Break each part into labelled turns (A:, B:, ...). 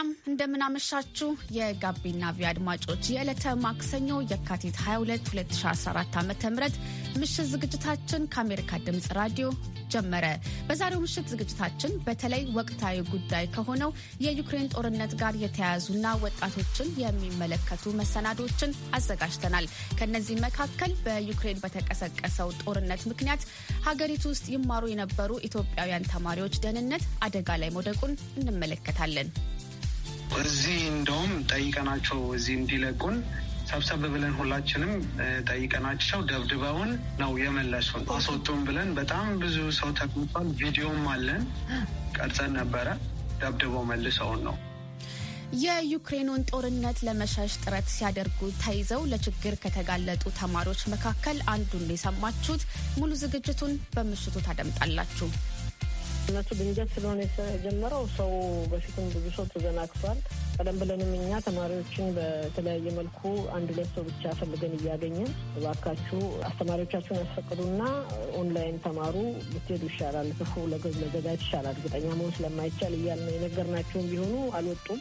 A: ሰላም እንደምናመሻችሁ የጋቢና ቪ አድማጮች የዕለተ ማክሰኞ የካቲት 22 2014 ዓ ም ምሽት ዝግጅታችን ከአሜሪካ ድምፅ ራዲዮ ጀመረ። በዛሬው ምሽት ዝግጅታችን በተለይ ወቅታዊ ጉዳይ ከሆነው የዩክሬን ጦርነት ጋር የተያያዙና ወጣቶችን የሚመለከቱ መሰናዶችን አዘጋጅተናል። ከእነዚህ መካከል በዩክሬን በተቀሰቀሰው ጦርነት ምክንያት ሀገሪቱ ውስጥ ይማሩ የነበሩ ኢትዮጵያውያን ተማሪዎች ደህንነት አደጋ ላይ መውደቁን እንመለከታለን።
B: እዚህ እንደውም ጠይቀናቸው እዚህ እንዲለቁን ሰብሰብ ብለን ሁላችንም ጠይቀናቸው ደብድበውን ነው የመለሱን። አስወጡን ብለን በጣም ብዙ ሰው ተቀምጧል። ቪዲዮም አለን ቀርጸን ነበረ። ደብድበው መልሰውን ነው።
A: የዩክሬኑን ጦርነት ለመሸሽ ጥረት ሲያደርጉ ተይዘው ለችግር ከተጋለጡ ተማሪዎች መካከል አንዱን የሰማችሁት። ሙሉ ዝግጅቱን በምሽቱ ታደምጣላችሁ።
C: እነሱ ድንገት ስለሆነ የተጀመረው ሰው በፊትም ብዙ ሰው ተዘናግቷል። ቀደም ብለንም እኛ ተማሪዎችን በተለያየ መልኩ አንድ ሁለት ሰው ብቻ ፈልገን እያገኘን እባካችሁ አስተማሪዎቻችሁን ያስፈቅዱና ኦንላይን ተማሩ ብትሄዱ ይሻላል፣ ክፉ ለመዘጋጅ ይሻላል፣ እርግጠኛ መሆን ስለማይቻል እያልን የነገርናቸውም ቢሆኑ
A: አልወጡም።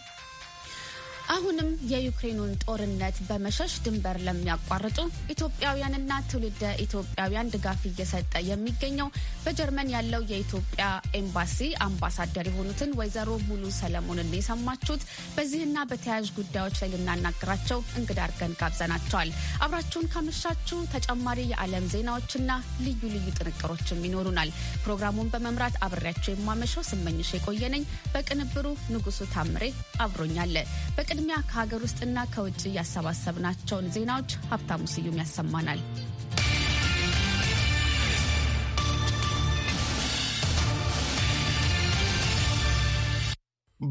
A: አሁንም የዩክሬኑን ጦርነት በመሸሽ ድንበር ለሚያቋርጡ ኢትዮጵያውያንና ትውልደ ኢትዮጵያውያን ድጋፍ እየሰጠ የሚገኘው በጀርመን ያለው የኢትዮጵያ ኤምባሲ አምባሳደር የሆኑትን ወይዘሮ ሙሉ ሰለሞንን የሰማችሁት። በዚህና በተያያዥ ጉዳዮች ላይ ልናናግራቸው እንግዳ አድርገን ጋብዘናቸዋል። አብራችሁን ካመሻችሁ ተጨማሪ የዓለም ዜናዎችና ልዩ ልዩ ጥንቅሮችም ይኖሩናል። ፕሮግራሙን በመምራት አብሬያቸው የማመሸው ስመኝሽ የቆየነኝ፣ በቅንብሩ ንጉሱ ታምሬ አብሮኛለ። በቅድሚያ ከሀገር ውስጥና ከውጭ እያሰባሰብናቸውን ዜናዎች ሀብታሙ ስዩም ያሰማናል።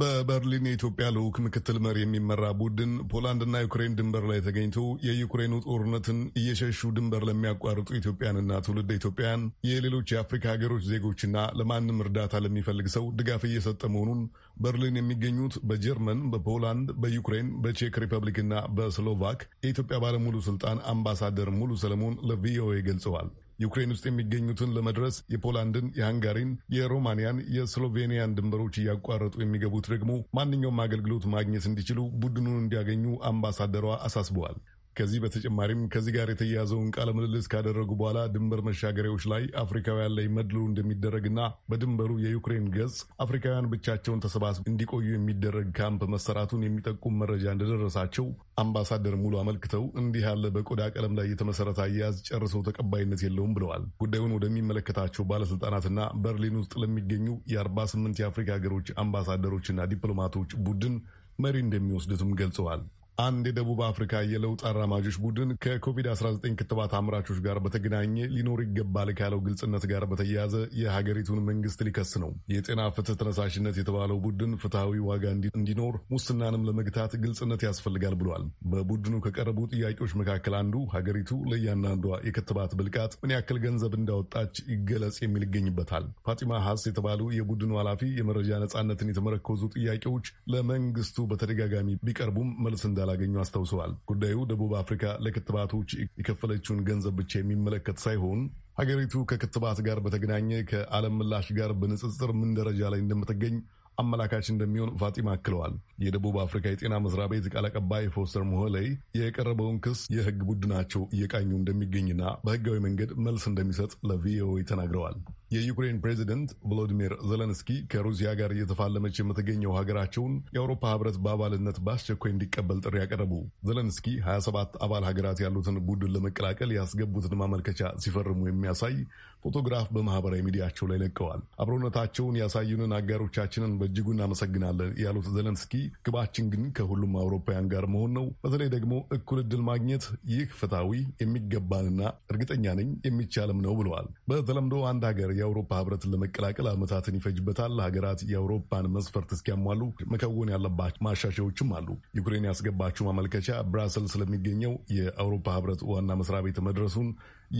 D: በበርሊን የኢትዮጵያ ልዑክ ምክትል መሪ የሚመራ ቡድን ፖላንድና ዩክሬን ድንበር ላይ ተገኝቶ የዩክሬኑ ጦርነትን እየሸሹ ድንበር ለሚያቋርጡ ኢትዮጵያንና ትውልድ ኢትዮጵያን የሌሎች የአፍሪካ ሀገሮች ዜጎችና ለማንም እርዳታ ለሚፈልግ ሰው ድጋፍ እየሰጠ መሆኑን በርሊን የሚገኙት በጀርመን፣ በፖላንድ፣ በዩክሬን፣ በቼክ ሪፐብሊክና በስሎቫክ የኢትዮጵያ ባለሙሉ ስልጣን አምባሳደር ሙሉ ሰለሞን ለቪኦኤ ገልጸዋል። ዩክሬን ውስጥ የሚገኙትን ለመድረስ የፖላንድን፣ የሃንጋሪን፣ የሮማንያን፣ የስሎቬኒያን ድንበሮች እያቋረጡ የሚገቡት ደግሞ ማንኛውም አገልግሎት ማግኘት እንዲችሉ ቡድኑን እንዲያገኙ አምባሳደሯ አሳስበዋል። ከዚህ በተጨማሪም ከዚህ ጋር የተያያዘውን ቃለ ምልልስ ካደረጉ በኋላ ድንበር መሻገሪያዎች ላይ አፍሪካውያን ላይ መድሎ እንደሚደረግና በድንበሩ የዩክሬን ገጽ አፍሪካውያን ብቻቸውን ተሰባስበው እንዲቆዩ የሚደረግ ካምፕ መሰራቱን የሚጠቁም መረጃ እንደደረሳቸው አምባሳደር ሙሉ አመልክተው እንዲህ ያለ በቆዳ ቀለም ላይ የተመሰረተ አያያዝ ጨርሰው ተቀባይነት የለውም ብለዋል። ጉዳዩን ወደሚመለከታቸው ባለስልጣናትና በርሊን ውስጥ ለሚገኙ የ48 የአፍሪካ ሀገሮች አምባሳደሮችና ዲፕሎማቶች ቡድን መሪ እንደሚወስዱትም ገልጸዋል። አንድ የደቡብ አፍሪካ የለውጥ አራማጆች ቡድን ከኮቪድ-19 ክትባት አምራቾች ጋር በተገናኘ ሊኖር ይገባል ካለው ግልጽነት ጋር በተያያዘ የሀገሪቱን መንግስት ሊከስ ነው። የጤና ፍትህ ተነሳሽነት የተባለው ቡድን ፍትሐዊ ዋጋ እንዲኖር፣ ሙስናንም ለመግታት ግልጽነት ያስፈልጋል ብሏል። በቡድኑ ከቀረቡ ጥያቄዎች መካከል አንዱ ሀገሪቱ ለእያንዳንዷ የክትባት ብልቃት ምን ያክል ገንዘብ እንዳወጣች ይገለጽ የሚል ይገኝበታል። ፋጢማ ሀስ የተባሉ የቡድኑ ኃላፊ የመረጃ ነጻነትን የተመረኮዙ ጥያቄዎች ለመንግስቱ በተደጋጋሚ ቢቀርቡም መልስ እንዳለ እንዳላገኙ አስታውሰዋል። ጉዳዩ ደቡብ አፍሪካ ለክትባቶች የከፈለችውን ገንዘብ ብቻ የሚመለከት ሳይሆን ሀገሪቱ ከክትባት ጋር በተገናኘ ከዓለም ምላሽ ጋር በንጽጽር ምን ደረጃ ላይ እንደምትገኝ አመላካች እንደሚሆን ፋጢማ አክለዋል። የደቡብ አፍሪካ የጤና መስሪያ ቤት ቃል አቀባይ ፎስተር ሞሆለይ የቀረበውን ክስ የህግ ቡድናቸው እየቃኙ እንደሚገኝና በህጋዊ መንገድ መልስ እንደሚሰጥ ለቪኦኤ ተናግረዋል። የዩክሬን ፕሬዚደንት ቮሎዲሚር ዘለንስኪ ከሩሲያ ጋር እየተፋለመች የምትገኘው ሀገራቸውን የአውሮፓ ህብረት በአባልነት በአስቸኳይ እንዲቀበል ጥሪ ያቀረቡ። ዘለንስኪ 27 አባል ሀገራት ያሉትን ቡድን ለመቀላቀል ያስገቡትን ማመልከቻ ሲፈርሙ የሚያሳይ ፎቶግራፍ በማህበራዊ ሚዲያቸው ላይ ለቀዋል። አብሮነታቸውን ያሳዩንን አጋሮቻችንን በእጅጉ እናመሰግናለን ያሉት ዘለንስኪ ግባችን ግን ከሁሉም አውሮፓውያን ጋር መሆን ነው፣ በተለይ ደግሞ እኩል እድል ማግኘት። ይህ ፍትሐዊ፣ የሚገባንና እርግጠኛ ነኝ የሚቻልም ነው ብለዋል። በተለምዶ አንድ ሀገር የአውሮፓ ህብረትን ለመቀላቀል ዓመታትን ይፈጅበታል። ሀገራት የአውሮፓን መስፈርት እስኪያሟሉ መከወን ያለባቸው ማሻሻዎችም አሉ። ዩክሬን ያስገባችው ማመልከቻ ብራሰልስ ስለሚገኘው የአውሮፓ ህብረት ዋና መስሪያ ቤት መድረሱን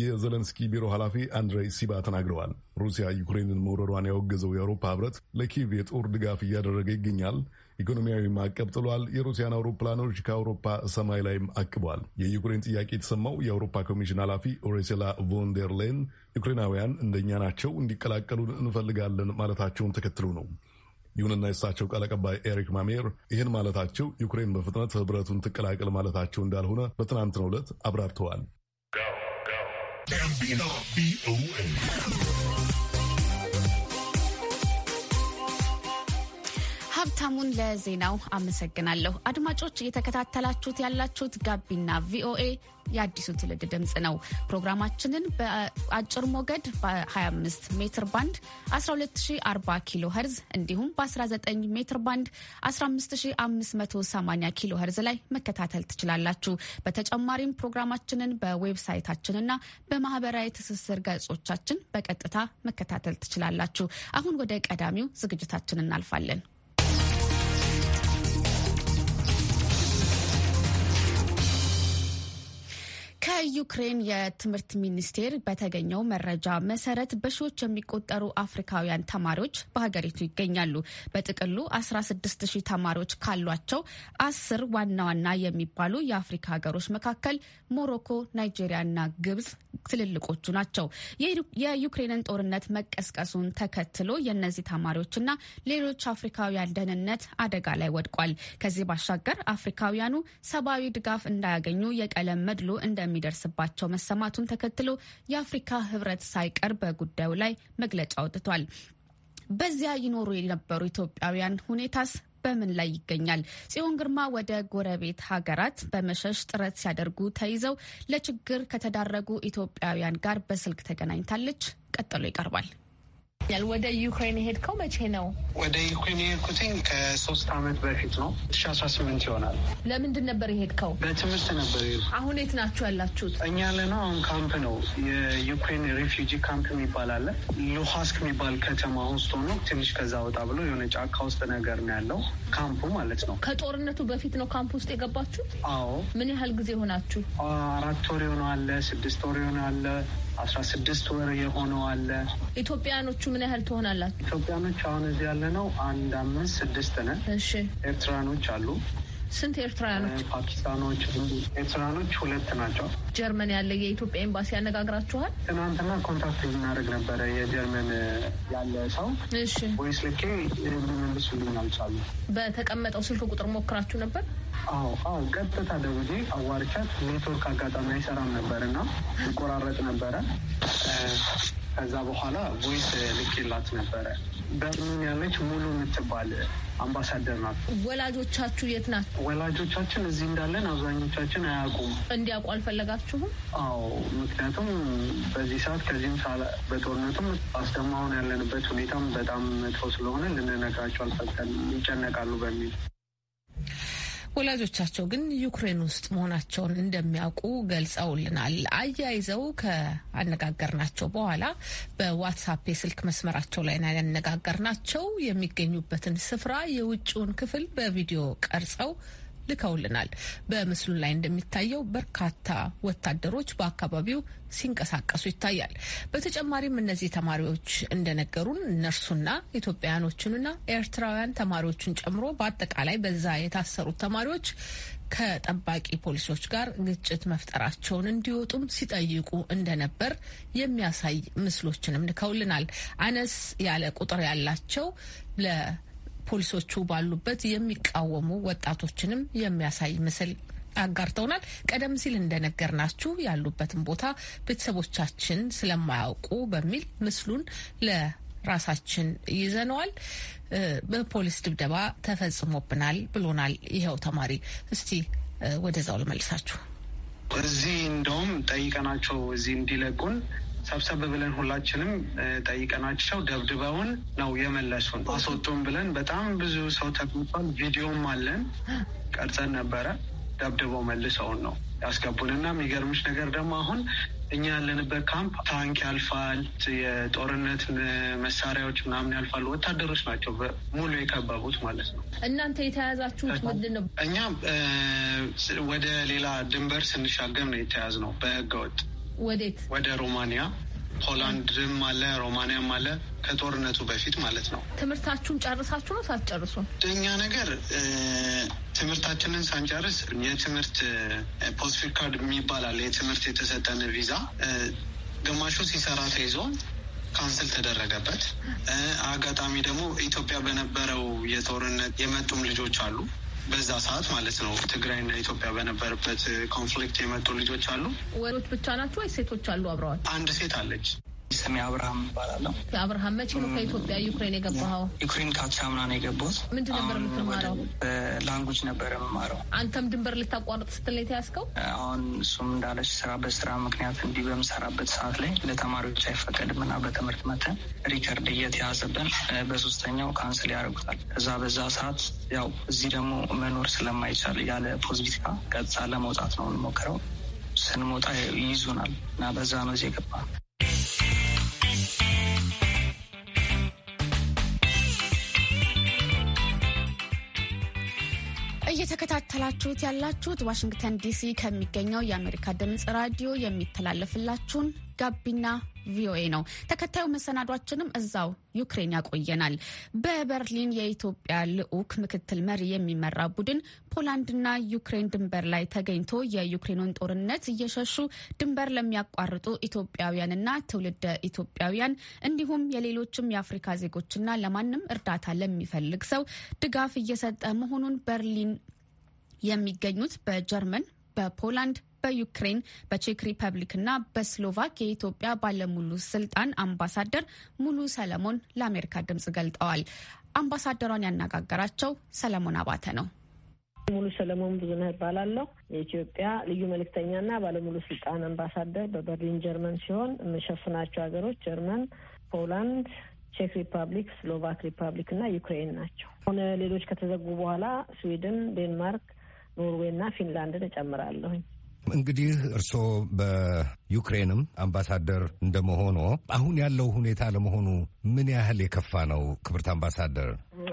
D: የዘለንስኪ ቢሮ ኃላፊ አንድሬይ ሲባ ተናግረዋል። ሩሲያ ዩክሬንን መውረሯን ያወገዘው የአውሮፓ ህብረት ለኪቭ የጦር ድጋፍ እያደረገ ይገኛል። ኢኮኖሚያዊ ማዕቀብ ጥሏል። የሩሲያን አውሮፕላኖች ከአውሮፓ ሰማይ ላይም አቅቧል። የዩክሬን ጥያቄ የተሰማው የአውሮፓ ኮሚሽን ኃላፊ ኦሬሴላ ቮን ላይን ዩክሬናውያን እንደኛ ናቸው፣ እንዲቀላቀሉን እንፈልጋለን ማለታቸውን ተከትሎ ነው። ይሁንና የእሳቸው ቃል አቀባይ ኤሪክ ማሜር ይህን ማለታቸው ዩክሬን በፍጥነት ህብረቱን ትቀላቀል ማለታቸው እንዳልሆነ በትናንትናው ዕለት አብራርተዋል።
A: ሀብታሙን ለዜናው አመሰግናለሁ። አድማጮች እየተከታተላችሁት ያላችሁት ጋቢና ቪኦኤ የአዲሱ ትውልድ ድምፅ ነው። ፕሮግራማችንን በአጭር ሞገድ በ25 ሜትር ባንድ 12040 ኪሎ ኸርዝ እንዲሁም በ19 ሜትር ባንድ 15580 ኪሎ ኸርዝ ላይ መከታተል ትችላላችሁ። በተጨማሪም ፕሮግራማችንን በዌብሳይታችንና በማህበራዊ ትስስር ገጾቻችን በቀጥታ መከታተል ትችላላችሁ። አሁን ወደ ቀዳሚው ዝግጅታችን እናልፋለን። ከዩክሬን የትምህርት ሚኒስቴር በተገኘው መረጃ መሰረት በሺዎች የሚቆጠሩ አፍሪካውያን ተማሪዎች በሀገሪቱ ይገኛሉ። በጥቅሉ 16 ሺህ ተማሪዎች ካሏቸው አስር ዋና ዋና የሚባሉ የአፍሪካ ሀገሮች መካከል ሞሮኮ፣ ናይጄሪያና ግብጽ ትልልቆቹ ናቸው። የዩክሬንን ጦርነት መቀስቀሱን ተከትሎ የእነዚህ ተማሪዎችና ሌሎች አፍሪካውያን ደህንነት አደጋ ላይ ወድቋል። ከዚህ ባሻገር አፍሪካውያኑ ሰብአዊ ድጋፍ እንዳያገኙ የቀለም መድሎ እንደ እንደሚደርስባቸው መሰማቱን ተከትሎ የአፍሪካ ህብረት ሳይቀር በጉዳዩ ላይ መግለጫ አውጥቷል። በዚያ ይኖሩ የነበሩ ኢትዮጵያውያን ሁኔታስ በምን ላይ ይገኛል? ጽዮን ግርማ ወደ ጎረቤት ሀገራት በመሸሽ ጥረት ሲያደርጉ ተይዘው ለችግር ከተዳረጉ ኢትዮጵያውያን ጋር በስልክ ተገናኝታለች። ቀጥሎ ይቀርባል። ይገኛል። ወደ ዩክሬን የሄድከው መቼ ነው?
B: ወደ ዩክሬን የሄድኩትኝ ከሶስት አመት በፊት ነው። ሺ አስራ ስምንት ይሆናል።
E: ለምንድን ነበር የሄድከው?
B: በትምህርት ነበር
E: አሁን የት ናችሁ ያላችሁት? እኛ
B: ለነው አሁን ካምፕ ነው። የዩክሬን ሪፊጂ ካምፕ የሚባል አለ። ሉሃስክ የሚባል ከተማ ውስጥ ሆኖ ትንሽ ከዛ ወጣ ብሎ የሆነ ጫካ ውስጥ ነገር ነው ያለው ካምፑ ማለት ነው።
E: ከጦርነቱ በፊት ነው ካምፕ ውስጥ የገባችሁት? አዎ። ምን ያህል ጊዜ ሆናችሁ? አራት
B: ወር የሆነ አለ፣ ስድስት ወር የሆነ አለ አስራ ስድስት ወር የሆነው አለ።
E: ኢትዮጵያኖቹ ምን ያህል ትሆናላችሁ?
B: ኢትዮጵያኖች አሁን እዚህ ያለ ነው አንድ አምስት ስድስት ነን። እሺ ኤርትራኖች አሉ።
E: ስንት ኤርትራውያኖች?
B: ፓኪስታኖች፣ ኤርትራኖች ሁለት ናቸው።
E: ጀርመን ያለ የኢትዮጵያ ኤምባሲ ያነጋግራችኋል?
B: ትናንትና ኮንታክት ልናደርግ ነበረ የጀርመን ያለ ሰው። እሺ ወይስ ልኬ መልሱልኝ አልቻሉ።
E: በተቀመጠው ስልክ ቁጥር ሞክራችሁ ነበር?
B: አዎ አዎ፣ ቀጥታ ደውዬ አዋርቻት። ኔትወርክ አጋጣሚ አይሰራም ነበር እና ይቆራረጥ ነበረ። ከዛ በኋላ ቮይስ ልኬላት ነበረ። በርሊን ያለች ሙሉ የምትባል አምባሳደር ናት።
E: ወላጆቻችሁ የት ናቸው?
B: ወላጆቻችን እዚህ እንዳለን አብዛኞቻችን አያውቁም።
E: እንዲያውቁ አልፈለጋችሁም?
B: አዎ፣ ምክንያቱም በዚህ ሰዓት ከዚህም በጦርነቱም አስደማሁን ያለንበት ሁኔታም በጣም መጥፎ ስለሆነ ልንነግራቸው አልፈቀድም፣ ይጨነቃሉ በሚል
E: ወላጆቻቸው ግን ዩክሬን ውስጥ መሆናቸውን እንደሚያውቁ ገልጸውልናል። አያይዘው ከአነጋገርናቸው በኋላ በዋትሳፕ የስልክ መስመራቸው ላይ ያነጋገርናቸው የሚገኙበትን ስፍራ የውጭውን ክፍል በቪዲዮ ቀርጸው ልከውልናል። በምስሉ ላይ እንደሚታየው በርካታ ወታደሮች በአካባቢው ሲንቀሳቀሱ ይታያል። በተጨማሪም እነዚህ ተማሪዎች እንደነገሩን እነርሱና ኢትዮጵያውያኖችንና ኤርትራውያን ተማሪዎችን ጨምሮ በአጠቃላይ በዛ የታሰሩት ተማሪዎች ከጠባቂ ፖሊሶች ጋር ግጭት መፍጠራቸውን እንዲወጡም ሲጠይቁ እንደነበር የሚያሳይ ምስሎችንም ልከውልናል። አነስ ያለ ቁጥር ያላቸው ፖሊሶቹ ባሉበት የሚቃወሙ ወጣቶችንም የሚያሳይ ምስል አጋርተውናል። ቀደም ሲል እንደነገርናችሁ ያሉበትን ቦታ ቤተሰቦቻችን ስለማያውቁ በሚል ምስሉን ለራሳችን ይዘነዋል። በፖሊስ ድብደባ ተፈጽሞብናል ብሎናል ይኸው ተማሪ። እስቲ ወደዛው ልመልሳችሁ።
A: እዚህ
B: እንደውም ጠይቀናቸው እዚህ እንዲለቁን ሰብሰብ ብለን ሁላችንም ጠይቀናቸው ደብድበውን ነው የመለሱን። አስወጡን ብለን በጣም ብዙ ሰው ተቀምጧል። ቪዲዮም አለን ቀርጸን ነበረ። ደብድበው መልሰውን ነው ያስገቡን እና የሚገርምሽ ነገር ደግሞ አሁን እኛ ያለንበት ካምፕ ታንክ ያልፋል፣ የጦርነት መሳሪያዎች ምናምን ያልፋሉ። ወታደሮች ናቸው ሙሉ የከበቡት ማለት ነው።
E: እናንተ የተያዛችሁት ምንድን ነው? እኛ
B: ወደ ሌላ ድንበር ስንሻገር ነው ነው በህገወጥ
E: ወዴት? ወደ ሮማንያ
B: ሆላንድም አለ ሮማንያም አለ። ከጦርነቱ በፊት ማለት ነው።
E: ትምህርታችሁን ጨርሳችሁ ነው ሳትጨርሱ? እኛ ነገር
B: ትምህርታችንን ሳንጨርስ የትምህርት ፖስፊክ ካርድ የሚባል አለ። የትምህርት የተሰጠን ቪዛ ግማሹ ሲሰራ ተይዞ ካንስል ተደረገበት። አጋጣሚ ደግሞ ኢትዮጵያ በነበረው የጦርነት የመጡም ልጆች አሉ በዛ ሰዓት ማለት ነው ትግራይና ኢትዮጵያ በነበረበት ኮንፍሊክት uh, የመጡ ልጆች አሉ።
E: ወንዶች ብቻ ናቸው ወይ ሴቶች አሉ? አብረዋል አንድ ሴት አለች። ስሜ አብርሃም ይባላለሁ። አብርሃም፣ መቼ ነው ከኢትዮጵያ ዩክሬን የገባኸው?
B: ዩክሬን ከአዲስ አምና ነው የገባሁት።
E: ምንድን ነበር የምትማረው?
B: ላንጉጅ ነበር የምማረው።
E: አንተም ድንበር ልታቋርጥ ስትል ነው የተያዝከው?
B: አሁን እሱም እንዳለች ስራ በስራ ምክንያት እንዲህ በምሰራበት ሰዓት ላይ ለተማሪዎች አይፈቀድም እና በትምህርት መተን ሪከርድ እየተያዘብን በሶስተኛው ካንስል ያደርጉታል። ከዛ በዛ ሰዓት ያው እዚህ ደግሞ መኖር ስለማይቻል ያለ ፖዚቲካ ቀጥታ ለመውጣት ነው የምንሞክረው። ስንሞጣ ይይዙናል እና በዛ ነው የገባነው።
A: እየተከታተላችሁት ያላችሁት ዋሽንግተን ዲሲ ከሚገኘው የአሜሪካ ድምፅ ራዲዮ የሚተላለፍላችሁን ጋቢና ቪኦኤ ነው። ተከታዩ መሰናዷችንም እዛው ዩክሬን ያቆየናል። በበርሊን የኢትዮጵያ ልዑክ ምክትል መሪ የሚመራ ቡድን ፖላንድና ዩክሬን ድንበር ላይ ተገኝቶ የዩክሬኑን ጦርነት እየሸሹ ድንበር ለሚያቋርጡ ኢትዮጵያውያንና ትውልደ ኢትዮጵያውያን እንዲሁም የሌሎችም የአፍሪካ ዜጎችና ለማንም እርዳታ ለሚፈልግ ሰው ድጋፍ እየሰጠ መሆኑን በርሊን የሚገኙት በጀርመን በፖላንድ በዩክሬን በቼክ ሪፐብሊክና በስሎቫክ የኢትዮጵያ ባለሙሉ ስልጣን አምባሳደር ሙሉ ሰለሞን ለአሜሪካ ድምጽ ገልጠዋል። አምባሳደሯን ያነጋገራቸው ሰለሞን አባተ ነው።
C: ሙሉ ሰለሞን ብዙነህ እባላለሁ። የኢትዮጵያ ልዩ መልእክተኛና ባለሙሉ ስልጣን አምባሳደር በበርሊን ጀርመን ሲሆን የምሸፍናቸው ሀገሮች ጀርመን፣ ፖላንድ ቼክ ሪፐብሊክ፣ ስሎቫክ ሪፐብሊክ እና ዩክሬን ናቸው። ሆነ ሌሎች ከተዘጉ በኋላ ስዊድን፣ ዴንማርክ፣ ኖርዌይና ፊንላንድን እጨምራለሁኝ።
F: እንግዲህ እርስዎ በዩክሬንም አምባሳደር እንደመሆኖ አሁን ያለው ሁኔታ ለመሆኑ ምን ያህል የከፋ ነው ክብርት አምባሳደር?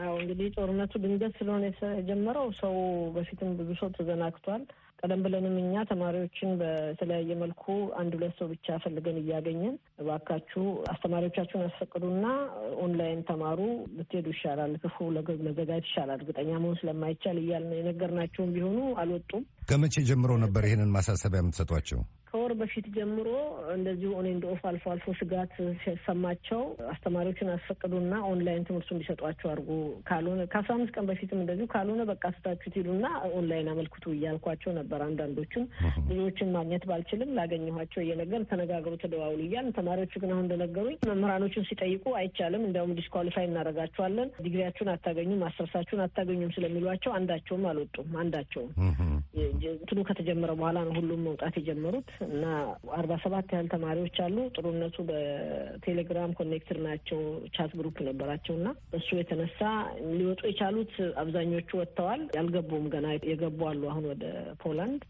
C: አዎ እንግዲህ ጦርነቱ ድንገት ስለሆነ የጀመረው ሰው በፊትም ብዙ ሰው ተዘናግቷል። ቀደም ብለንም እኛ ተማሪዎችን በተለያየ መልኩ አንድ ሁለት ሰው ብቻ ፈልገን እያገኘን እባካችሁ አስተማሪዎቻችሁን ያስፈቅዱና ኦንላይን ተማሩ ብትሄዱ ይሻላል፣ ክፉ ለመዘጋጀት ይሻላል፣ እርግጠኛ መሆን ስለማይቻል እያልን የነገርናቸውም ቢሆኑ አልወጡም።
F: ከመቼ ጀምሮ ነበር ይህንን ማሳሰቢያ የምትሰጧቸው?
C: ከወር በፊት ጀምሮ እንደዚሁ እኔ እንደ ኦፍ አልፎ አልፎ ስጋት ሲሰማቸው አስተማሪዎችን አስፈቅዱና ኦንላይን ትምህርቱ እንዲሰጧቸው አድርጉ፣ ካልሆነ ከአስራ አምስት ቀን በፊትም እንደዚሁ ካልሆነ በቃ ስታችሁ ትሄዱና ኦንላይን አመልክቱ እያልኳቸው ነበር። አንዳንዶቹም ልጆችን ማግኘት ባልችልም ላገኘኋቸው እየነገር ተነጋገሩ፣ ተደዋውሉ እያል ተማሪዎቹ ግን አሁን እንደነገሩኝ መምህራኖቹን ሲጠይቁ አይቻልም፣ እንዲያውም ዲስኳሊፋይ እናደርጋቸዋለን፣ ዲግሪያችሁን አታገኙም፣ ማስተርሳችሁን አታገኙም ስለሚሏቸው አንዳቸውም አልወጡም። አንዳቸውም እንጂ እንትኑ ከተጀመረ በኋላ ነው ሁሉም መውጣት የጀመሩት እና አርባ ሰባት ያህል ተማሪዎች አሉ። ጥሩነቱ በቴሌግራም ኮኔክትር ናቸው። ቻት ግሩፕ ነበራቸው እና እሱ የተነሳ ሊወጡ የቻሉት አብዛኞቹ ወጥተዋል። ያልገቡም ገና የገቡ አሉ። አሁን ወደ ፖላንድ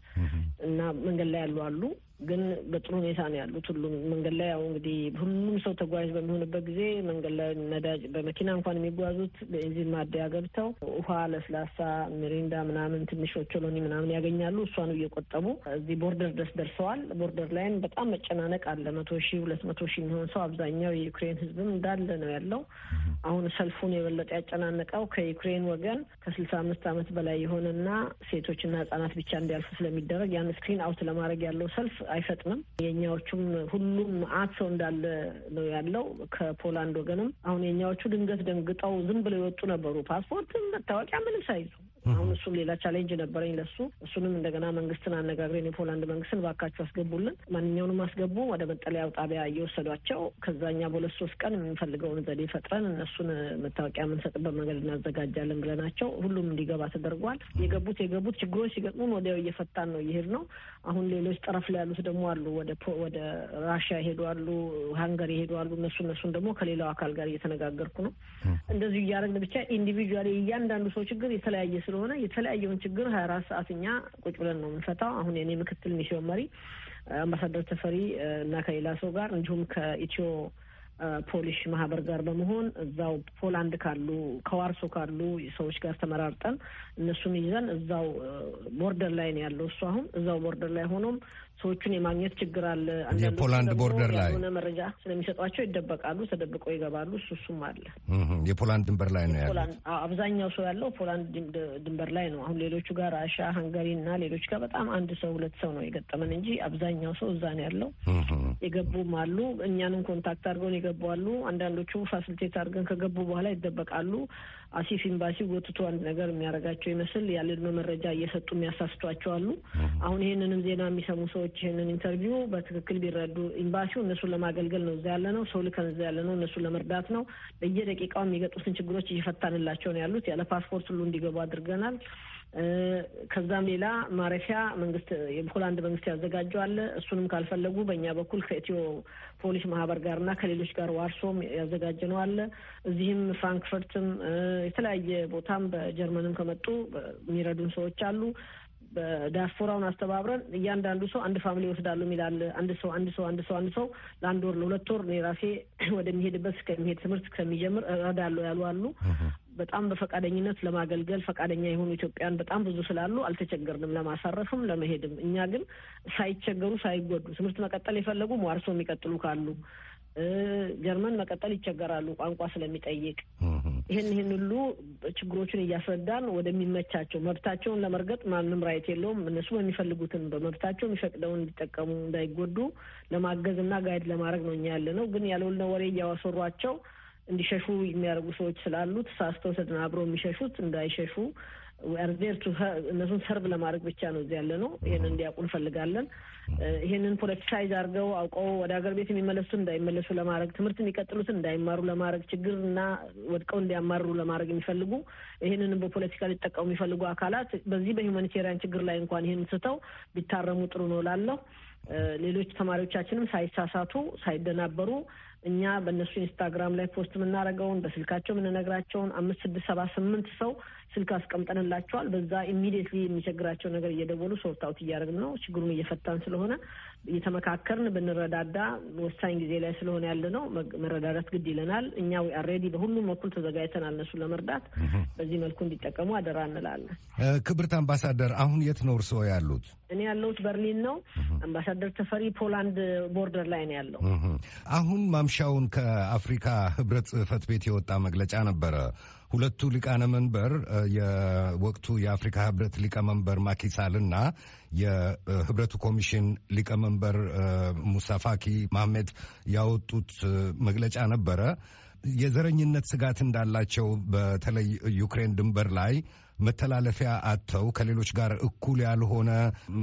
C: እና መንገድ ላይ ያሉ አሉ። ግን በጥሩ ሁኔታ ነው ያሉት። ሁሉም መንገድ ላይ ያው እንግዲህ ሁሉም ሰው ተጓዥ በሚሆንበት ጊዜ መንገድ ላይ ነዳጅ በመኪና እንኳን የሚጓዙት በኢንዚን ማደያ ገብተው ውሃ፣ ለስላሳ፣ ሚሪንዳ ምናምን ትንሽ ኦቾሎኒ ምናምን ያገኛሉ። እሷን እየቆጠቡ እዚህ ቦርደር ድረስ ደርሰዋል። ቦርደር ላይም በጣም መጨናነቅ አለ። መቶ ሺህ ሁለት መቶ ሺህ የሚሆን ሰው አብዛኛው የዩክሬን ህዝብም እንዳለ ነው ያለው። አሁን ሰልፉን የበለጠ ያጨናነቀው ከዩክሬን ወገን ከስልሳ አምስት አመት በላይ የሆነና ሴቶችና ህጻናት ብቻ እንዲያልፉ ስለሚደረግ ያን ስክሪን አውት ለማድረግ ያለው ሰልፍ አይፈጥንም። የእኛዎቹም ሁሉም አት ሰው እንዳለ ነው ያለው ከፖላንድ ወገንም። አሁን የእኛዎቹ ድንገት ደንግጠው ዝም ብለው የወጡ ነበሩ። ፓስፖርት፣ መታወቂያ ምንም ሳይዙ አሁን እሱም ሌላ ቻሌንጅ ነበረኝ ለሱ እሱንም እንደገና መንግስትን አነጋግረን የፖላንድ መንግስትን ባካችሁ አስገቡልን፣ ማንኛውንም አስገቡ፣ ወደ መጠለያው ጣቢያ እየወሰዷቸው ከዛኛ በሁለት ሶስት ቀን የምንፈልገውን ዘዴ ፈጥረን እነሱን መታወቂያ የምንሰጥበት መንገድ እናዘጋጃለን ብለናቸው ሁሉም እንዲገባ ተደርጓል። የገቡት የገቡት ችግሮች ሲገጥሙን ወዲያው እየፈታን ነው እየሄድ ነው። አሁን ሌሎች ጠረፍ ላይ ያሉት ደግሞ አሉ፣ ወደ ወደ ራሽያ ይሄዱ አሉ፣ ሃንገሪ ይሄዱ አሉ። እነሱ እነሱን ደግሞ ከሌላው አካል ጋር እየተነጋገርኩ ነው። እንደዚሁ እያደረግን ብቻ ኢንዲቪል እያንዳንዱ ሰው ችግር የተለያየ ስለ ስለሆነ የተለያየውን ችግር ሀያ አራት ሰዓት እኛ ቁጭ ብለን ነው የምንፈታው። አሁን የኔ ምክትል ሚስዮን መሪ አምባሳደር ተፈሪ እና ከሌላ ሰው ጋር እንዲሁም ከኢትዮ ፖሊሽ ማህበር ጋር በመሆን እዛው ፖላንድ ካሉ ከዋርሶ ካሉ ሰዎች ጋር ተመራርጠን እነሱም ይዘን እዛው ቦርደር ላይ ነው ያለው እሱ አሁን እዛው ቦርደር ላይ ሆኖም ሰዎቹን የማግኘት ችግር አለ። የፖላንድ ቦርደር ላይ የሆነ መረጃ ስለሚሰጧቸው ይደበቃሉ፣ ተደብቀው ይገባሉ። እሱ እሱም አለ።
F: የፖላንድ ድንበር ላይ ነው ያለው።
C: አብዛኛው ሰው ያለው ፖላንድ ድንበር ላይ ነው። አሁን ሌሎቹ ጋር ራሻ፣ ሀንጋሪ እና ሌሎች ጋር በጣም አንድ ሰው ሁለት ሰው ነው የገጠመን እንጂ አብዛኛው ሰው እዛ ነው ያለው። የገቡም አሉ። እኛንም ኮንታክት አድርገውን የገቡ አሉ። አንዳንዶቹ ፋሲሊቴት አድርገን ከገቡ በኋላ ይደበቃሉ። አሲፍ ኤምባሲ ጎትቶ አንድ ነገር የሚያደርጋቸው ይመስል ያለን መረጃ እየሰጡ የሚያሳስቷቸው አሉ። አሁን ይህንንም ዜና የሚሰሙ ሰው ሰዎች ይህንን ኢንተርቪው በትክክል ቢረዱ፣ ኤምባሲው እነሱን ለማገልገል ነው እዛ ያለ ነው። ሰው ልከን እዛ ያለ ነው እነሱን ለመርዳት ነው። በየደቂቃው የሚገጡትን ችግሮች እየፈታንላቸው ነው ያሉት። ያለ ፓስፖርት ሁሉ እንዲገቡ አድርገናል። ከዛም ሌላ ማረፊያ መንግስት የሆላንድ መንግስት ያዘጋጀው አለ። እሱንም ካልፈለጉ በእኛ በኩል ከኢትዮ ፖሊስ ማህበር ጋር እና ከሌሎች ጋር ዋርሶም ያዘጋጀ ነው አለ። እዚህም ፍራንክፈርትም የተለያየ ቦታም በጀርመንም ከመጡ የሚረዱን ሰዎች አሉ። በዳያስፖራውን አስተባብረን እያንዳንዱ ሰው አንድ ፋሚሊ ይወስዳሉ የሚላል አንድ ሰው አንድ ሰው አንድ ሰው አንድ ሰው ለአንድ ወር ለሁለት ወር እኔ ራሴ ወደሚሄድበት እስከሚሄድ ትምህርት እስከሚጀምር እረዳለሁ ያሉ አሉ። በጣም በፈቃደኝነት ለማገልገል ፈቃደኛ የሆኑ ኢትዮጵያን በጣም ብዙ ስላሉ አልተቸገርንም፣ ለማሳረፍም ለመሄድም። እኛ ግን ሳይቸገሩ ሳይጎዱ ትምህርት መቀጠል የፈለጉ ሟርሶ የሚቀጥሉ ካሉ ጀርመን መቀጠል ይቸገራሉ፣ ቋንቋ ስለሚጠይቅ። ይህን ይህን ሁሉ ችግሮችን እያስረዳን ወደሚመቻቸው መብታቸውን ለመርገጥ ማንም ራይት የለውም። እነሱ የሚፈልጉትን በመብታቸው የሚፈቅደውን እንዲጠቀሙ እንዳይጎዱ ለማገዝ እና ጋይድ ለማድረግ ነው እኛ ያለ ነው። ግን ያለውልነ ወሬ እያወሰሯቸው እንዲሸሹ የሚያደርጉ ሰዎች ስላሉ ተሳስተው ተደናብረው የሚሸሹት እንዳይሸሹ አርዜር እነሱን ሰርቭ ለማድረግ ብቻ ነው እዚህ ያለ ነው። ይህንን እንዲያውቁ እንፈልጋለን። ይህንን ፖለቲሳይዝ አድርገው አውቀው ወደ ሀገር ቤት የሚመለሱ እንዳይመለሱ ለማድረግ ትምህርት የሚቀጥሉትን እንዳይማሩ ለማድረግ ችግርና ወድቀው እንዲያማሩ ለማድረግ የሚፈልጉ ይህንንም በፖለቲካ ሊጠቀሙ የሚፈልጉ አካላት በዚህ በሂውማኒቴሪያን ችግር ላይ እንኳን ይህን ስተው ቢታረሙ ጥሩ ነው ላለሁ ሌሎች ተማሪዎቻችንም ሳይሳሳቱ ሳይደናበሩ እኛ በእነሱ ኢንስታግራም ላይ ፖስት የምናደርገውን በስልካቸው የምንነግራቸውን አምስት ስድስት ሰባ ስምንት ሰው ስልክ አስቀምጠንላቸዋል። በዛ ኢሚዲየትሊ የሚቸግራቸው ነገር እየደወሉ ሶርት አውት እያደረግን ነው። ችግሩን እየፈታን ስለሆነ እየተመካከርን ብንረዳዳ ወሳኝ ጊዜ ላይ ስለሆነ ያለ ነው መረዳዳት ግድ ይለናል። እኛ አልሬዲ በሁሉም በኩል ተዘጋጅተናል እነሱ ለመርዳት። በዚህ መልኩ እንዲጠቀሙ አደራ እንላለን።
F: ክብርት አምባሳደር፣ አሁን የት ነው እርስዎ ያሉት?
C: እኔ ያለሁት በርሊን ነው። አምባሳደር አምባሳደር ተፈሪ ፖላንድ ቦርደር ላይ ነው ያለው።
F: አሁን ማምሻውን ከአፍሪካ ህብረት ጽህፈት ቤት የወጣ መግለጫ ነበረ። ሁለቱ ሊቃነ መንበር የወቅቱ የአፍሪካ ህብረት ሊቀመንበር ማኪሳል እና የህብረቱ ኮሚሽን ሊቀመንበር ሙሳፋኪ ማህሜት ያወጡት መግለጫ ነበረ። የዘረኝነት ስጋት እንዳላቸው በተለይ ዩክሬን ድንበር ላይ መተላለፊያ አጥተው ከሌሎች ጋር እኩል ያልሆነ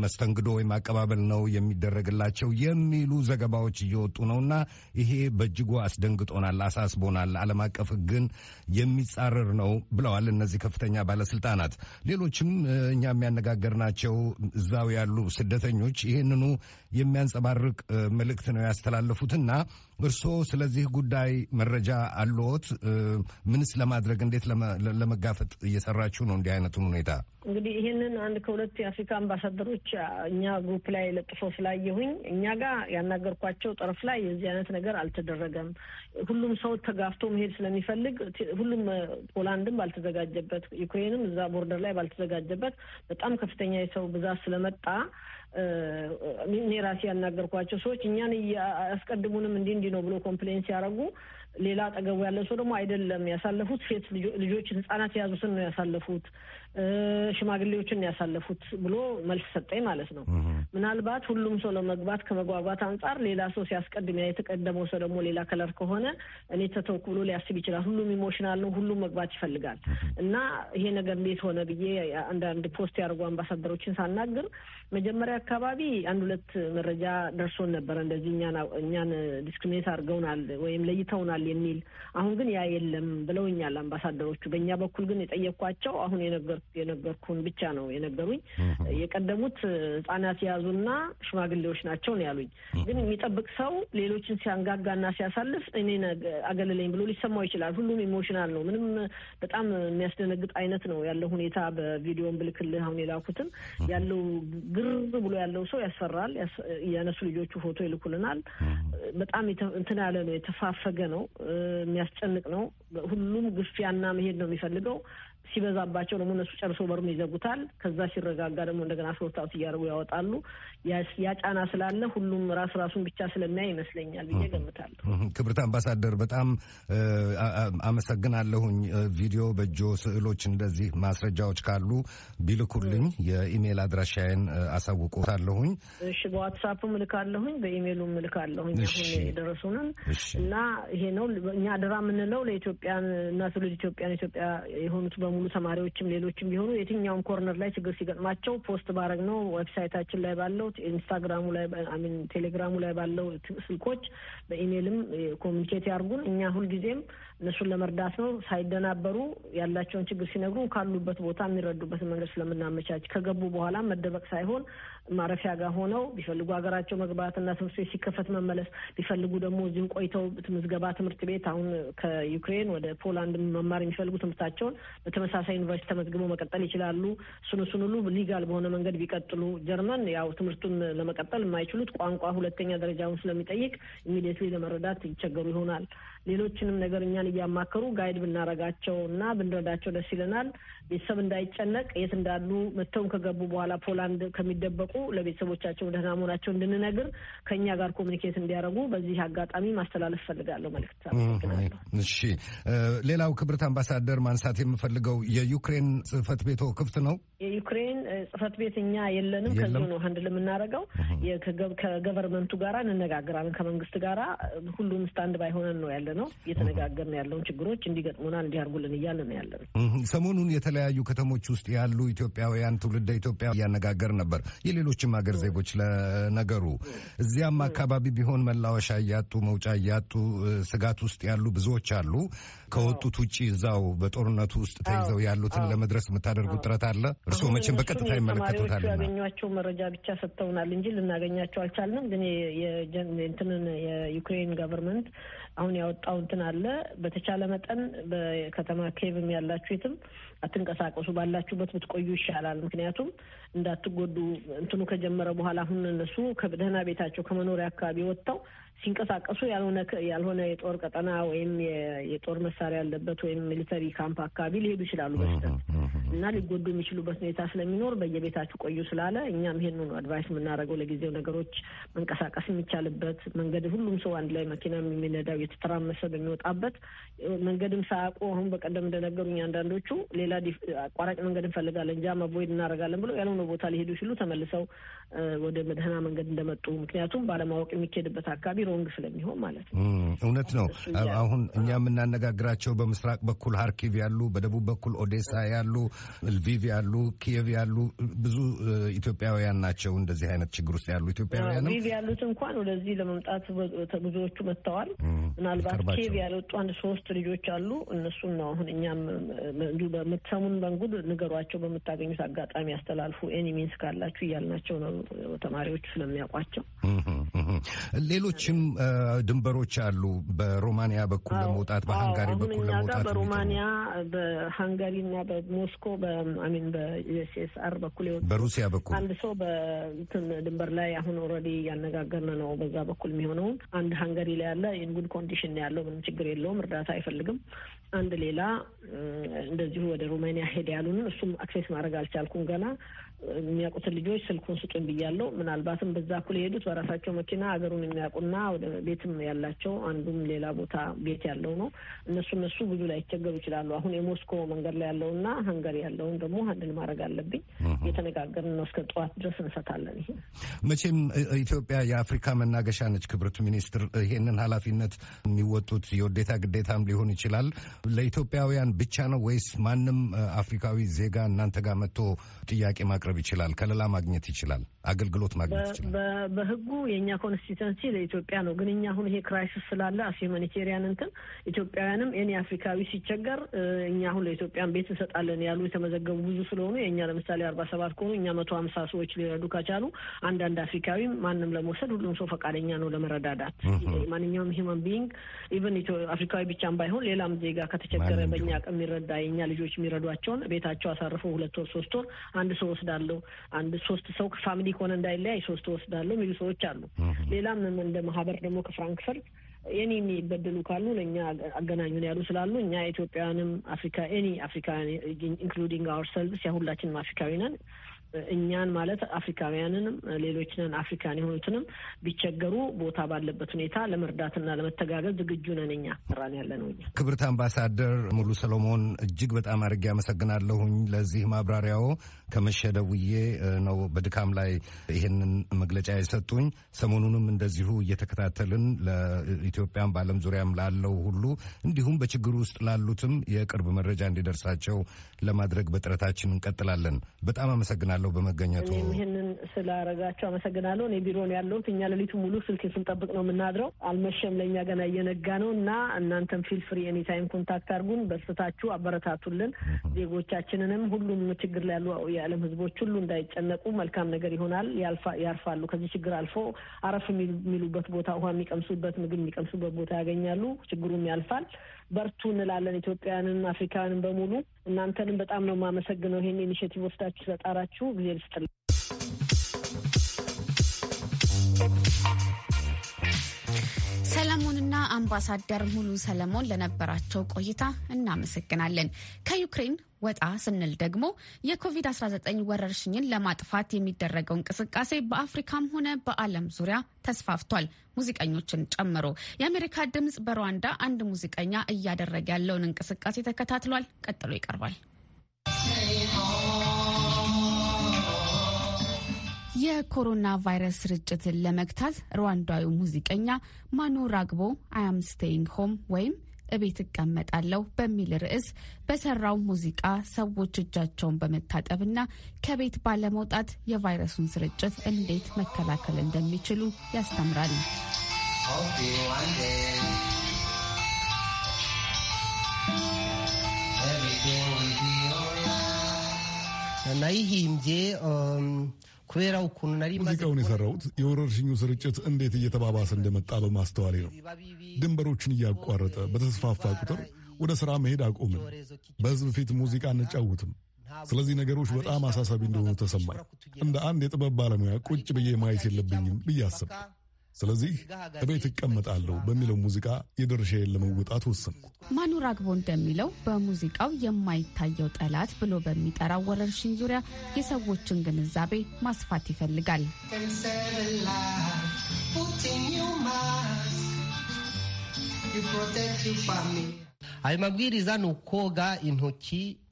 F: መስተንግዶ ወይም አቀባበል ነው የሚደረግላቸው የሚሉ ዘገባዎች እየወጡ ነውና ይሄ በእጅጉ አስደንግጦናል፣ አሳስቦናል፣ ዓለም አቀፍ ሕግን የሚጻረር ነው ብለዋል እነዚህ ከፍተኛ ባለስልጣናት። ሌሎችም እኛ የሚያነጋገርናቸው እዛው ያሉ ስደተኞች ይህንኑ የሚያንጸባርቅ መልእክት ነው ያስተላለፉትና እርስዎ ስለዚህ ጉዳይ መረጃ አለዎት? ምንስ ለማድረግ እንዴት ለመጋፈጥ እየሰራችሁ ነው? እንዲህ አይነቱን ሁኔታ
C: እንግዲህ ይህንን አንድ ከሁለት የአፍሪካ አምባሳደሮች እኛ ግሩፕ ላይ ለጥፎ ስላየሁኝ እኛ ጋር ያናገርኳቸው ጠረፍ ላይ የዚህ አይነት ነገር አልተደረገም። ሁሉም ሰው ተጋፍቶ መሄድ ስለሚፈልግ ሁሉም ፖላንድም ባልተዘጋጀበት፣ ዩክሬንም እዛ ቦርደር ላይ ባልተዘጋጀበት በጣም ከፍተኛ የሰው ብዛት ስለመጣ እኔ ራሴ ያናገርኳቸው ሰዎች እኛን አስቀድሙንም እንዲህ እንዲህ ነው ብሎ ኮምፕሌን ሲያደርጉ ሌላ አጠገቡ ያለ ሰው ደግሞ አይደለም ያሳለፉት ሴት ልጆች ህጻናት የያዙትን ነው ያሳለፉት ሽማግሌዎችን ያሳለፉት ብሎ መልስ ሰጠኝ ማለት ነው። ምናልባት ሁሉም ሰው ለመግባት ከመጓጓት አንጻር ሌላ ሰው ሲያስቀድም ያ የተቀደመው ሰው ደግሞ ሌላ ከለር ከሆነ እኔ ተተውኩ ብሎ ሊያስብ ይችላል። ሁሉም ኢሞሽናል ነው፣ ሁሉም መግባት ይፈልጋል እና ይሄ ነገር እንዴት ሆነ ብዬ አንዳንድ ፖስት ያደርጉ አምባሳደሮችን ሳናግር መጀመሪያ አካባቢ አንድ ሁለት መረጃ ደርሶን ነበረ እንደዚህ እኛን ዲስክሪሚኔት አድርገውናል ወይም ለይተውናል የሚል አሁን ግን ያ የለም ብለውኛል አምባሳደሮቹ። በእኛ በኩል ግን የጠየኳቸው አሁን የነገር የነበርኩን ብቻ ነው የነገሩኝ። የቀደሙት ህጻናት የያዙና ሽማግሌዎች ናቸው ነው ያሉኝ። ግን የሚጠብቅ ሰው ሌሎችን ሲያንጋጋና ሲያሳልፍ እኔ አገለለኝ ብሎ ሊሰማው ይችላል። ሁሉም ኢሞሽናል ነው። ምንም በጣም የሚያስደነግጥ አይነት ነው ያለው ሁኔታ። በቪዲዮን ብልክልህ አሁን የላኩትን ያለው ግር ብሎ ያለው ሰው ያስፈራል። የነሱ ልጆቹ ፎቶ ይልኩልናል። በጣም እንትን ያለ ነው፣ የተፋፈገ ነው፣ የሚያስጨንቅ ነው። ሁሉም ግፊያና መሄድ ነው የሚፈልገው ሲበዛባቸው ደግሞ እነሱ ጨርሶ በሩን ይዘጉታል። ከዛ ሲረጋጋ ደግሞ እንደገና ሶርታውት እያደረጉ ያወጣሉ። ያጫና ስላለ ሁሉም ራስ ራሱን ብቻ ስለሚያይ ይመስለኛል ብዬ ገምታለሁ።
F: ክብርት አምባሳደር በጣም አመሰግናለሁኝ። ቪዲዮ በእጆ ስዕሎች፣ እንደዚህ ማስረጃዎች ካሉ ቢልኩልኝ የኢሜይል አድራሻዬን አሳውቆታለሁኝ።
C: እሺ፣ በዋትሳፕ ምልካለሁኝ፣ በኢሜይሉም ምልካለሁኝ። አሁን የደረሱንን እና ይሄ ነው እኛ አደራ የምንለው ለኢትዮጵያን እና ትውልድ ኢትዮጵያን ኢትዮጵያ የሆኑት በሙሉ ተማሪዎችም ሌሎች ሰዎችም ቢሆኑ የትኛውም ኮርነር ላይ ችግር ሲገጥማቸው ፖስት ባረግ ነው ዌብሳይታችን ላይ ባለው ኢንስታግራሙ ላይ ሚን ቴሌግራሙ ላይ ባለው ስልኮች በኢሜይልም ኮሚኒኬት ያርጉን። እኛ ሁልጊዜም እነሱን ለመርዳት ነው። ሳይደናበሩ ያላቸውን ችግር ሲነግሩ ካሉበት ቦታ የሚረዱበትን መንገድ ስለምናመቻች ከገቡ በኋላ መደበቅ ሳይሆን ማረፊያ ጋር ሆነው ቢፈልጉ ሀገራቸው መግባትና ትምህርት ቤት ሲከፈት መመለስ ቢፈልጉ ደግሞ እዚሁ ቆይተው ምዝገባ ትምህርት ቤት አሁን ከዩክሬን ወደ ፖላንድ መማር የሚፈልጉ ትምህርታቸውን በተመሳሳይ ዩኒቨርሲቲ ተመዝግበው መቀጠል ይችላሉ። ስኑ እሱን ሁሉ ሊጋል በሆነ መንገድ ቢቀጥሉ ጀርመን ያው ትምህርቱን ለመቀጠል የማይችሉት ቋንቋ ሁለተኛ ደረጃውን ስለሚጠይቅ ኢሚዲየትሊ ለመረዳት ይቸገሩ ይሆናል። ሌሎችንም ነገር እኛን እያማከሩ ጋይድ ብናረጋቸው እና ብንረዳቸው ደስ ይለናል። ቤተሰብ እንዳይጨነቅ የት እንዳሉ መጥተውም ከገቡ በኋላ ፖላንድ ከሚደበቁ ለቤተሰቦቻቸው ደህና መሆናቸው እንድንነግር ከእኛ ጋር ኮሚኒኬት እንዲያደርጉ በዚህ አጋጣሚ ማስተላለፍ ፈልጋለሁ መልዕክት።
F: እሺ፣ ሌላው ክብርት አምባሳደር ማንሳት የምፈልገው የዩክሬን ጽህፈት ቤቶ ክፍት ነው?
C: የዩክሬን ጽህፈት ቤት እኛ የለንም። ከዚሁ ነው ሀንድል የምናደርገው። ከገቨርመንቱ ጋር እንነጋግራለን። ከመንግስት ጋራ ሁሉም ስታንድ ባይ ሆነን ነው ያለ ነው እየተነጋገርን ያለውን ችግሮች እንዲገጥሙና እንዲያርጉልን እያለ ነው ያለ ነው
F: ሰሞኑን በተለያዩ ከተሞች ውስጥ ያሉ ኢትዮጵያውያን ትውልደ ኢትዮጵያ እያነጋገር ነበር። የሌሎችም ሀገር ዜጎች ለነገሩ እዚያም አካባቢ ቢሆን መላወሻ እያጡ መውጫ እያጡ ስጋት ውስጥ ያሉ ብዙዎች አሉ። ከወጡት ውጭ እዛው በጦርነቱ ውስጥ ተይዘው ያሉትን ለመድረስ የምታደርጉት ጥረት አለ? እርስዎ መቼም በቀጥታ ይመለከቱታል።
C: ያገኟቸው መረጃ ብቻ ሰጥተውናል እንጂ ልናገኛቸው አልቻልንም። ግን እንትንን የዩክሬን ገቨርንመንት አሁን ያወጣው እንትን አለ። በተቻለ መጠን በከተማ ኬቭም ያላችሁ የትም አትንቀሳቀሱ፣ ባላችሁበት ብትቆዩ ይሻላል። ምክንያቱም እንዳትጎዱ እንትኑ ከጀመረ በኋላ አሁን እነሱ ከደህና ቤታቸው ከመኖሪያ አካባቢ ወጥተው ሲንቀሳቀሱ ያልሆነ ያልሆነ የጦር ቀጠና ወይም የጦር መሳሪያ ያለበት ወይም ሚሊተሪ ካምፕ አካባቢ ሊሄዱ ይችላሉ በስተት እና ሊጎዱ የሚችሉበት ሁኔታ ስለሚኖር በየቤታችሁ ቆዩ ስላለ እኛም ይሄን ነው አድቫይስ የምናደርገው። ለጊዜው ነገሮች መንቀሳቀስ የሚቻልበት መንገድ ሁሉም ሰው አንድ ላይ መኪና የሚነዳው የተተራመሰ በሚወጣበት መንገድም ሳያውቁ አሁን በቀደም እንደነገሩኝ አንዳንዶቹ ሌላ አቋራጭ መንገድ እንፈልጋለን እንጃ አቮይድ እናደርጋለን ብለው ያልሆነ ቦታ ሊሄዱ ሲሉ ተመልሰው ወደ መድህና መንገድ እንደመጡ ምክንያቱም ባለማወቅ የሚካሄድበት አካባቢ ሮንግ ስለሚሆን ማለት
F: ነው። እውነት ነው። አሁን እኛ የምናነጋግራቸው በምስራቅ በኩል ሀርኪቭ ያሉ፣ በደቡብ በኩል ኦዴሳ ያሉ ልቪቭ ያሉ ኪየቭ ያሉ ብዙ ኢትዮጵያውያን ናቸው። እንደዚህ አይነት ችግር ውስጥ ያሉ ኢትዮጵያውያን ቪቭ
C: ያሉት እንኳን ወደዚህ ለመምጣት ብዙዎቹ መጥተዋል። ምናልባት ኪየቭ ያልወጡ አንድ ሶስት ልጆች አሉ። እነሱን ነው አሁን እኛም እንዲሁ በምትሰሙን በንጉድ ንገሯቸው፣ በምታገኙት አጋጣሚ ያስተላልፉ፣ ኤኒሚንስ ሚንስ ካላችሁ እያልናቸው ነው ተማሪዎቹ ስለሚያውቋቸው።
F: ሌሎችም ድንበሮች አሉ። በሮማንያ በኩል ለመውጣት በሃንጋሪ
C: በኩል ለመውጣት በሮማንያ በሃንጋሪ እና በሞስኮ እኮ በአሚን በዩኤስኤስአር በኩል የወጡ በሩሲያ በኩል አንድ ሰው በትን ድንበር ላይ አሁን ኦልሬዲ እያነጋገርን ነው። በዛ በኩል የሚሆነውን አንድ ሀንገሪ ላይ ያለ ኢንጉድ ኮንዲሽን ያለው ምንም ችግር የለውም፣ እርዳታ አይፈልግም። አንድ ሌላ እንደዚሁ ወደ ሩማኒያ ሄድ ያሉንን እሱም አክሴስ ማድረግ አልቻልኩም። ገና የሚያውቁትን ልጆች ስልኩን ስጡን ብያለው። ምናልባትም በዛ እኩል የሄዱት በራሳቸው መኪና ሀገሩን የሚያውቁና ወደ ቤትም ያላቸው አንዱም ሌላ ቦታ ቤት ያለው ነው። እነሱ እነሱ ብዙ ላይ ይቸገሩ ይችላሉ። አሁን የሞስኮ መንገድ ላይ ያለውና ሀንገሪ ያለውን ደግሞ አንድን ማድረግ አለብኝ። እየተነጋገርን ነው። እስከ ጠዋት ድረስ እንሰታለን። ይሄ
F: መቼም ኢትዮጵያ የአፍሪካ መናገሻ ነች። ክብርት ሚኒስትር፣ ይሄንን ኃላፊነት የሚወጡት የውዴታ ግዴታም ሊሆን ይችላል ለኢትዮጵያውያን ብቻ ነው ወይስ ማንም አፍሪካዊ ዜጋ እናንተ ጋር መጥቶ ጥያቄ ማቅረብ ይችላል? ከለላ ማግኘት ይችላል? አገልግሎት ማግኘት
C: ይችላል? በህጉ የእኛ ኮንስቲተንሲ ለኢትዮጵያ ነው። ግን እኛ አሁን ይሄ ክራይሲስ ስላለ አስ ሁማኒቴሪያን እንትን ኢትዮጵያውያንም ኔ አፍሪካዊ ሲቸገር እኛ አሁን ለኢትዮጵያን ቤት እንሰጣለን ያሉ የተመዘገቡ ብዙ ስለሆኑ የእኛ ለምሳሌ አርባ ሰባት ከሆኑ እኛ መቶ ሀምሳ ሰዎች ሊረዱ ከቻሉ አንዳንድ አፍሪካዊም ማንም ለመውሰድ ሁሉም ሰው ፈቃደኛ ነው ለመረዳዳት ማንኛውም ማን ቢንግ ኢቨን አፍሪካዊ ብቻም ባይሆን ሌላም ዜጋ ከተቸገረ በእኛ አቅም የሚረዳ የእኛ ልጆች የሚረዷቸውን ቤታቸው አሳርፎ ሁለት ወር ሶስት ወር አንድ ሰው ወስዳለሁ፣ አንድ ሶስት ሰው ፋሚሊ ከሆነ እንዳይለያይ ሶስት ወስዳለሁ የሚሉ ሰዎች አሉ። ሌላም እንደ ማህበር ደግሞ ከፍራንክፈርት ኤኒ የሚበደሉ ካሉ ለእኛ አገናኙን ያሉ ስላሉ እኛ ኢትዮጵያውያንም አፍሪካ ኤኒ አፍሪካ ኢንክሉዲንግ አወር ሰልቭስ አፍሪካዊ ነን እኛን ማለት አፍሪካውያንንም ሌሎችንን አፍሪካን የሆኑትንም ቢቸገሩ ቦታ ባለበት ሁኔታ ለመርዳትና ለመተጋገዝ ዝግጁ ነን። እኛ ራን ያለ ነው። እኛ
F: ክብርት አምባሳደር ሙሉ ሰሎሞን እጅግ በጣም አድርጌ አመሰግናለሁኝ ለዚህ ማብራሪያው። ከመሸ ደውዬ ነው በድካም ላይ ይህንን መግለጫ የሰጡኝ። ሰሞኑንም እንደዚሁ እየተከታተልን ለኢትዮጵያን በዓለም ዙሪያም ላለው ሁሉ እንዲሁም በችግሩ ውስጥ ላሉትም የቅርብ መረጃ እንዲደርሳቸው ለማድረግ በጥረታችን እንቀጥላለን። በጣም አመሰግናለሁ። አመሰግናለሁ በመገኘቱ።
C: ይህንን ስላረጋቸው አመሰግናለሁ። እኔ ቢሮ ነው ያለሁት። እኛ ሌሊቱ ሙሉ ስልክ ስንጠብቅ ነው የምናድረው። አልመሸም፣ ለእኛ ገና እየነጋ ነው እና እናንተም ፊል ፍሪ ኤኒታይም ኮንታክት አድርጉን። በስታችሁ አበረታቱልን። ዜጎቻችንንም ሁሉም ችግር ላይ ያሉ የዓለም ህዝቦች ሁሉ እንዳይጨነቁ መልካም ነገር ይሆናል። ያርፋሉ። ከዚህ ችግር አልፎ አረፍ የሚሉበት ቦታ፣ ውሃ የሚቀምሱበት፣ ምግብ የሚቀምሱበት ቦታ ያገኛሉ። ችግሩም ያልፋል። በርቱ እንላለን ኢትዮጵያውያንን፣ አፍሪካውያንን በሙሉ እናንተንም በጣም ነው የማመሰግነው ይህን ኢኒሽቲቭ ወስዳችሁ ስለጣራችሁ ጊዜ ልስጥል።
A: ሰለሞንና አምባሳደር ሙሉ ሰለሞን ለነበራቸው ቆይታ እናመሰግናለን። ከዩክሬን ወጣ ስንል ደግሞ የኮቪድ-19 ወረርሽኝን ለማጥፋት የሚደረገው እንቅስቃሴ በአፍሪካም ሆነ በዓለም ዙሪያ ተስፋፍቷል፣ ሙዚቀኞችን ጨምሮ። የአሜሪካ ድምፅ በሩዋንዳ አንድ ሙዚቀኛ እያደረገ ያለውን እንቅስቃሴ ተከታትሏል። ቀጥሎ ይቀርባል። የኮሮና ቫይረስ ስርጭትን ለመግታት ሩዋንዳዊ ሙዚቀኛ ማኑ ራግቦ አያም ስቴይንግ ሆም ወይም እቤት እቀመጣለሁ በሚል ርዕስ በሰራው ሙዚቃ ሰዎች እጃቸውን በመታጠብና ከቤት ባለመውጣት የቫይረሱን ስርጭት እንዴት መከላከል እንደሚችሉ ያስተምራል።
D: na hii mje um, ሙዚቃውን የሰራሁት የወረርሽኙ ስርጭት እንዴት እየተባባሰ እንደመጣ በማስተዋሌ ነው። ድንበሮችን እያቋረጠ በተስፋፋ ቁጥር ወደ ሥራ መሄድ አቆምን። በሕዝብ ፊት ሙዚቃ አንጫወትም። ስለዚህ ነገሮች በጣም አሳሳቢ እንደሆኑ ተሰማኝ። እንደ አንድ የጥበብ ባለሙያ ቁጭ ብዬ ማየት የለብኝም ብዬ አሰብኩ። ስለዚህ እቤት እቀመጣለሁ በሚለው ሙዚቃ የድርሻዬን ለመወጣት ወሰንኩ።
A: ማኑር አግቦ እንደሚለው በሙዚቃው የማይታየው ጠላት ብሎ በሚጠራው ወረርሽኝ ዙሪያ የሰዎችን ግንዛቤ ማስፋት ይፈልጋል።
C: you protect your family.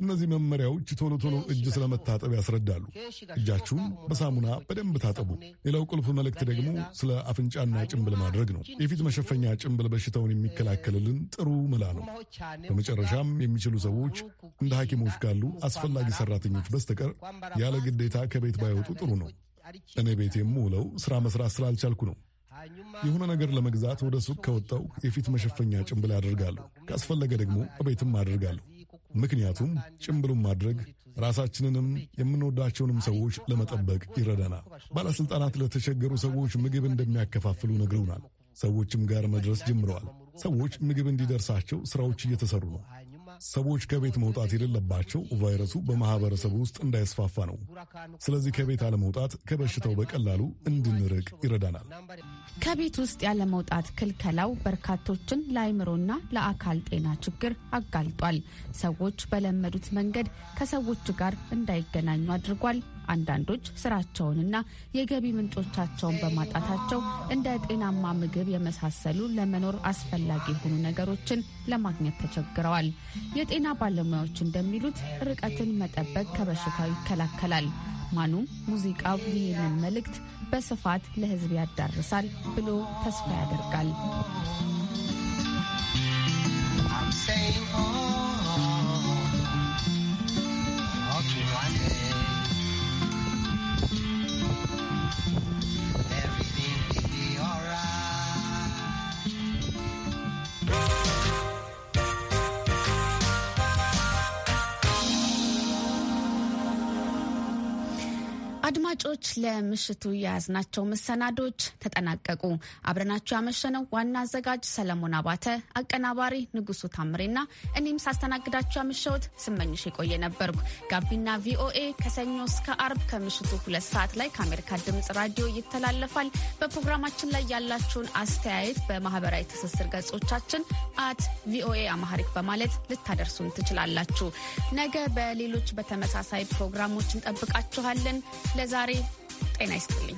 D: እነዚህ መመሪያዎች ቶሎ ቶሎ እጅ ስለመታጠብ ያስረዳሉ። እጃችሁን በሳሙና በደንብ ታጠቡ። ሌላው ቁልፍ መልእክት ደግሞ ስለ አፍንጫና ጭንብል ማድረግ ነው። የፊት መሸፈኛ ጭንብል በሽታውን የሚከላከልልን ጥሩ መላ ነው። በመጨረሻም የሚችሉ ሰዎች እንደ ሐኪሞች ካሉ አስፈላጊ ሰራተኞች በስተቀር ያለ ግዴታ ከቤት ባይወጡ ጥሩ ነው። እኔ ቤት የምውለው ስራ መስራት ስላልቻልኩ ነው። የሆነ ነገር ለመግዛት ወደ ሱቅ ከወጣው የፊት መሸፈኛ ጭንብል አደርጋለሁ። ካስፈለገ ደግሞ እቤትም አደርጋለሁ። ምክንያቱም ጭንብሉን ማድረግ ራሳችንንም የምንወዳቸውንም ሰዎች ለመጠበቅ ይረዳናል። ባለሥልጣናት ለተቸገሩ ሰዎች ምግብ እንደሚያከፋፍሉ ነግረውናል። ሰዎችም ጋር መድረስ ጀምረዋል። ሰዎች ምግብ እንዲደርሳቸው ሥራዎች እየተሰሩ ነው። ሰዎች ከቤት መውጣት የሌለባቸው ቫይረሱ በማህበረሰቡ ውስጥ እንዳይስፋፋ ነው። ስለዚህ ከቤት አለመውጣት ከበሽታው በቀላሉ እንድንርቅ ይረዳናል።
A: ከቤት ውስጥ ያለመውጣት ክልከላው በርካቶችን ለአይምሮና ለአካል ጤና ችግር አጋልጧል። ሰዎች በለመዱት መንገድ ከሰዎች ጋር እንዳይገናኙ አድርጓል። አንዳንዶች ስራቸውንና የገቢ ምንጮቻቸውን በማጣታቸው እንደ ጤናማ ምግብ የመሳሰሉ ለመኖር አስፈላጊ የሆኑ ነገሮችን ለማግኘት ተቸግረዋል። የጤና ባለሙያዎች እንደሚሉት ርቀትን መጠበቅ ከበሽታው ይከላከላል። ማኑ ሙዚቃው ይህንን መልእክት በስፋት ለሕዝብ ያዳርሳል ብሎ ተስፋ ያደርጋል። አድማጮች ለምሽቱ የያዝናቸው መሰናዶች ተጠናቀቁ። አብረናችሁ ያመሸነው ዋና አዘጋጅ ሰለሞን አባተ፣ አቀናባሪ ንጉሱ ታምሬና እኔም ሳስተናግዳችሁ ያመሸሁት ስመኝሽ የቆየ ነበርኩ። ጋቢና ቪኦኤ ከሰኞ እስከ አርብ ከምሽቱ ሁለት ሰዓት ላይ ከአሜሪካ ድምጽ ራዲዮ ይተላለፋል። በፕሮግራማችን ላይ ያላችሁን አስተያየት በማህበራዊ ትስስር ገጾቻችን አት ቪኦኤ አማሐሪክ በማለት ልታደርሱን ትችላላችሁ። ነገ በሌሎች በተመሳሳይ ፕሮግራሞች እንጠብቃችኋለን። ለዛ ዛሬ ጤና ይስጥልኝ።